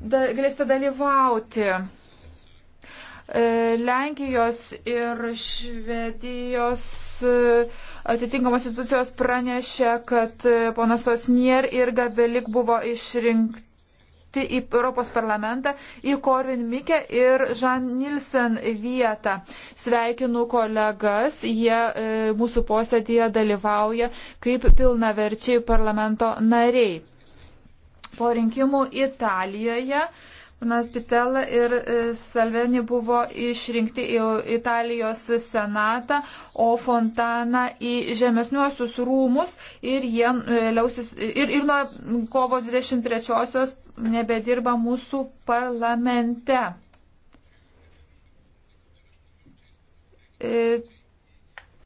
da, galėsite dalyvauti. E, Lenkijos ir Švedijos e, atitinkamos institucijos pranešė, kad e, ponas Osnier ir Gabelik buvo išrinkti į Europos parlamentą, į Korvin Mikę ir Žan Nilsen vietą. Sveikinu kolegas, jie mūsų posėdėje dalyvauja kaip pilnaverčiai parlamento nariai. Po rinkimų Italijoje Panas Pitela ir e, Salveni buvo išrinkti į Italijos senatą, o Fontana į žemesniuosius rūmus ir, jie, e, liausis, ir, ir nuo kovo 23-osios nebedirba mūsų parlamente. E,